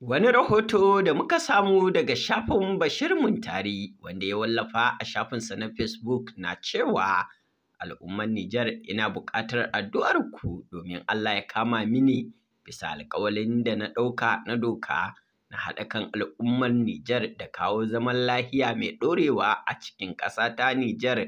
Wani rahoto da muka samu daga shafin Bashir Muntari wanda ya wallafa a shafin sa na Facebook na cewa al'ummar Nijar ina buƙatar addu'arku domin Allah ya kama mini bisa alƙawalin da na ɗauka na doka na haɗa kan al'ummar Nijar da kawo zaman lahiya mai ɗorewa a cikin ƙasa ta Nijar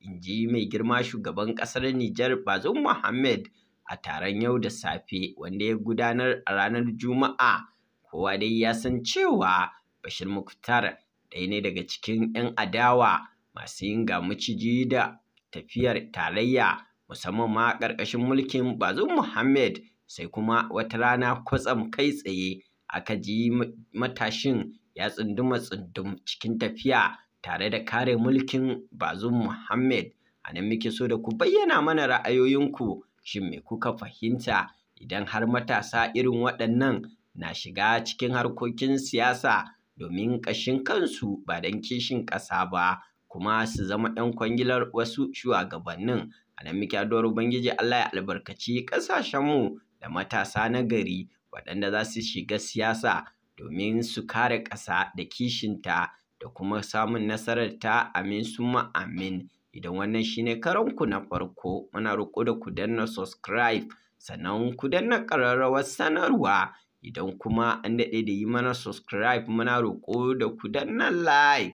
in ji mai girma shugaban ƙasar Nijar Bazoum Mohammed a taron yau da safe wanda ya gudanar a ranar Juma'a kowa dai ya san cewa Bashir Muktar ɗaya ne daga cikin 'yan adawa masu yin maciji da tafiyar tarayya musamman ma ƙarƙashin mulkin Bazum Muhammad sai kuma wata rana kwatsam kai tsaye aka ji matashin ya tsunduma tsundum cikin tafiya tare da kare mulkin Bazum Muhammad a nan muke so da ku bayyana mana ra'ayoyinku shin me kuka fahimta idan har matasa irin waɗannan na shiga cikin harkokin siyasa domin ƙashin kansu ba don kishin ƙasa ba kuma su zama 'yan kwangilar wasu shugabannin a nan muke addu'ar ubangiji Allah ya albarkaci ƙasashenmu da matasa na gari waɗanda za su shiga siyasa domin su kare ƙasa da kishinta da kuma samun nasarar ta amin suma amin idan wannan shine karanku na farko muna roƙo da ku danna subscribe sannan ku danna ƙararrawar sanarwa Idan kuma an daɗe da yi mana subscribe muna roƙo da ku danna like.